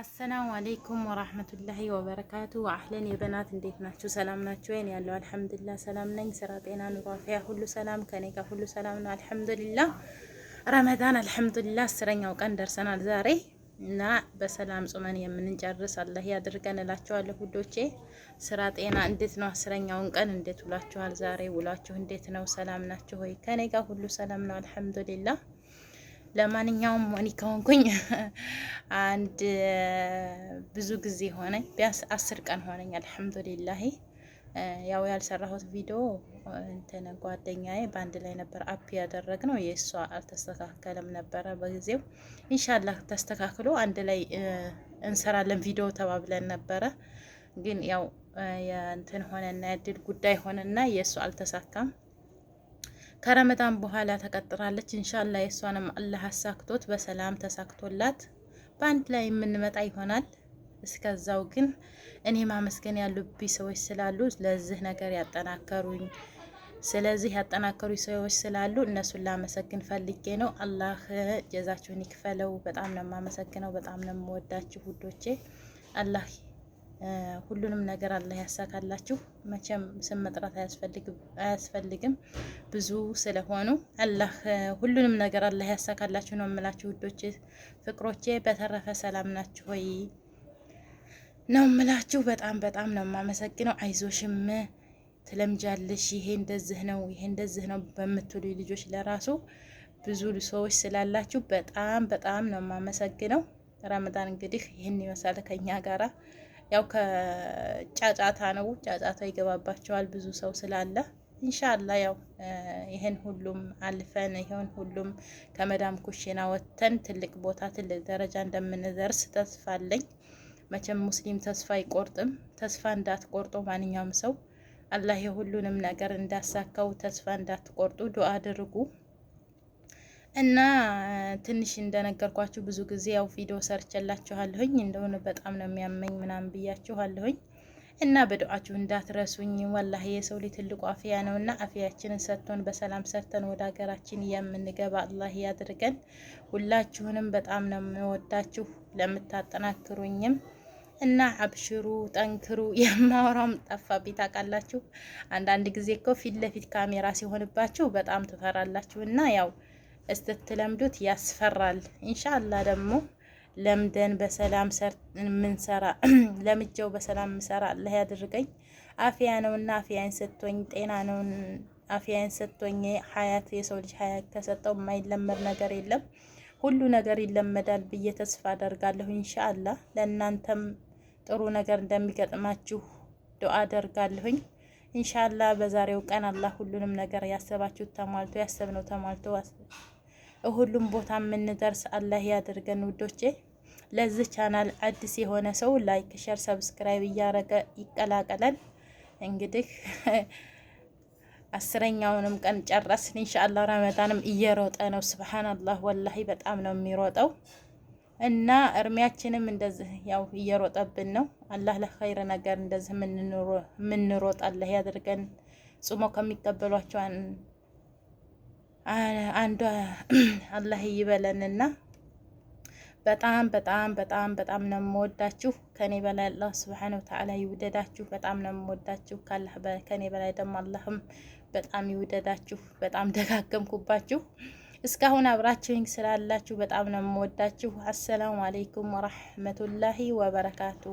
አሰላሙ አሌይኩም ወራህመቱላሂ ወበረካቱ። አህለን የበናት እንዴት ናችሁ? ሰላም ናችሁ ወይን? ያለው አልሐምዱሊላህ ሰላም ነኝ። ስራ፣ ጤና፣ ኑሮ አፍያ ሁሉ ሰላም ከኔ ጋር ሁሉ ሰላም ነው። አልሐምዱሊላህ ረመዳን አልሐምዱሊላህ አስረኛው ቀን ደርሰናል ዛሬ እና በሰላም ጾመን የምንጨርስ አላህ ያድርገን እላችኋለሁ ሁዶቼ። ስራ፣ ጤና እንዴት ነው? አስረኛውን ቀን እንዴት ውላችኋል? ዛሬ ውላችሁ እንዴት ነው? ሰላም ናችሁ ወይ? ከኔ ጋር ሁሉ ሰላም ነው። አልሐምዱሊላህ ለማንኛውም ሞኒካ ሆንኩኝ። አንድ ብዙ ጊዜ ሆነ ቢያንስ አስር ቀን ሆነኝ። አልሐምዱሊላሂ ያው ያልሰራሁት ቪዲዮ እንትን ጓደኛዬ በአንድ ላይ ነበር አፕ ያደረግ ነው። የእሷ አልተስተካከለም ነበረ በጊዜው። ኢንሻላህ ተስተካክሎ አንድ ላይ እንሰራለን ቪዲዮ ተባብለን ነበረ። ግን ያው የእንትን ሆነና የድል ጉዳይ ሆነና የእሷ አልተሳካም። ከረመዳን በኋላ ተቀጥራለች። እንሻላ የእሷንም አላህ አሳክቶት በሰላም ተሳክቶላት በአንድ ላይ የምንመጣ ይሆናል። እስከዛው ግን እኔ ማመስገን ያሉብኝ ሰዎች ስላሉ ለዚህ ነገር ያጠናከሩኝ ስለዚህ ያጠናከሩ ሰዎች ስላሉ እነሱን ላመሰግን ፈልጌ ነው። አላህ ጀዛችሁን ይክፈለው። በጣም ነው የማመሰግነው። በጣም ነው የምወዳችሁ ውዶቼ አላህ ሁሉንም ነገር አላህ ያሳካላችሁ። መቼም ስም መጥራት አያስፈልግም፣ ብዙ ስለሆኑ አላህ ሁሉንም ነገር አላህ ያሳካላችሁ ነው የምላችሁ ውዶቼ፣ ፍቅሮቼ። በተረፈ ሰላም ናችሁ ወይ ነው የምላችሁ። በጣም በጣም ነው የማመሰግነው። አይዞሽም ትለምጃለሽ፣ ይሄ እንደዚህ ነው፣ ይሄ እንደዚህ ነው በምትሉ ልጆች ለራሱ ብዙ ሰዎች ስላላችሁ በጣም በጣም ነው የማመሰግነው። ረመዳን እንግዲህ ይህን ይመስላል ከኛ ጋራ ያው ከጫጫታ ነው፣ ጫጫታ ይገባባቸዋል ብዙ ሰው ስላለ ኢንሻላ ያው ይህን ሁሉም አልፈን ይህን ሁሉም ከመዳም ኩሽና ወጥተን ትልቅ ቦታ ትልቅ ደረጃ እንደምንደርስ ተስፋ አለኝ። መቼም ሙስሊም ተስፋ አይቆርጥም። ተስፋ እንዳትቆርጡ ማንኛውም ሰው አላህ የሁሉንም ነገር እንዳሳካው ተስፋ እንዳትቆርጡ ዱአ አድርጉ። እና ትንሽ እንደነገርኳችሁ ብዙ ጊዜ ያው ቪዲዮ ሰርቼላችኋለሁኝ እንደሆነ በጣም ነው የሚያመኝ ምናምን ብያችኋለሁኝ። እና በዱዓችሁ እንዳትረሱኝ። ወላሂ የሰው ልጅ ትልቁ አፍያ ነው እና አፍያችንን ሰጥቶን በሰላም ሰጥተን ወደ ሀገራችን የምንገባ አላህ ያድርገን። ሁላችሁንም በጣም ነው የምወዳችሁ ለምታጠናክሩኝም እና አብሽሩ ጠንክሩ። የማወራውም ጠፋብኝ ታውቃላችሁ። አንዳንድ ጊዜ እኮ ፊት ለፊት ካሜራ ሲሆንባችሁ በጣም ትፈራላችሁ እና ያው እስትትለምዱት ያስፈራል። ኢንሻአላ ደግሞ ለምደን በሰላም ምንሰራ ለምጀው በሰላም ምሰራ አላህ ያድርገኝ። አፍያ ነውና አፍያን ሰጥቶኝ ጤና ነው አፍያን ሰጥቶኝ ሀያት የሰው ልጅ ሀያት ከሰጠው የማይለመድ ነገር የለም። ሁሉ ነገር ይለመዳል ብዬ ተስፋ አደርጋለሁ። ኢንሻአላ ለእናንተም ጥሩ ነገር እንደሚገጥማችሁ ዱአ አደርጋለሁኝ። ኢንሻአላ በዛሬው ቀን አላህ ሁሉንም ነገር ያሰባችሁት ተሟልቶ ያሰብነው ተሟልቶ ሁሉም ቦታ የምንደርስ አላህ ያደርገን ውዶቼ። ለዚህ ቻናል አዲስ የሆነ ሰው ላይክ፣ ሸር፣ ሰብስክራይብ እያረገ ይቀላቀላል። እንግዲህ አስረኛውንም ቀን ጨረስን ኢንሻአላህ። ረመዳንም እየሮጠ ነው። ስብሓንላህ ወላሂ በጣም ነው የሚሮጠው እና እርሚያችንም እንደዚህ ያው እየሮጠብን ነው። አላህ ለኸይር ነገር እንደዚህ የምንሮጥ አላህ ያደርገን። ጽሞ ከሚቀበሏቸው አንዷ አላህ ይበለንና በጣም በጣም በጣም በጣም ነው የምወዳችሁ። ከኔ በላይ አላህ ሱብሓነሁ ወተዓላ ይውደዳችሁ። በጣም ነው የምወዳችሁ። ካላህ ከኔ በላይ ደግሞ አላህም በጣም ይውደዳችሁ። በጣም ደጋገምኩባችሁ። እስካሁን አብራችሁኝ ስላላችሁ በጣም ነው የምወዳችሁ። አሰላሙ አለይኩም ወራህመቱላሂ ወበረካቱ።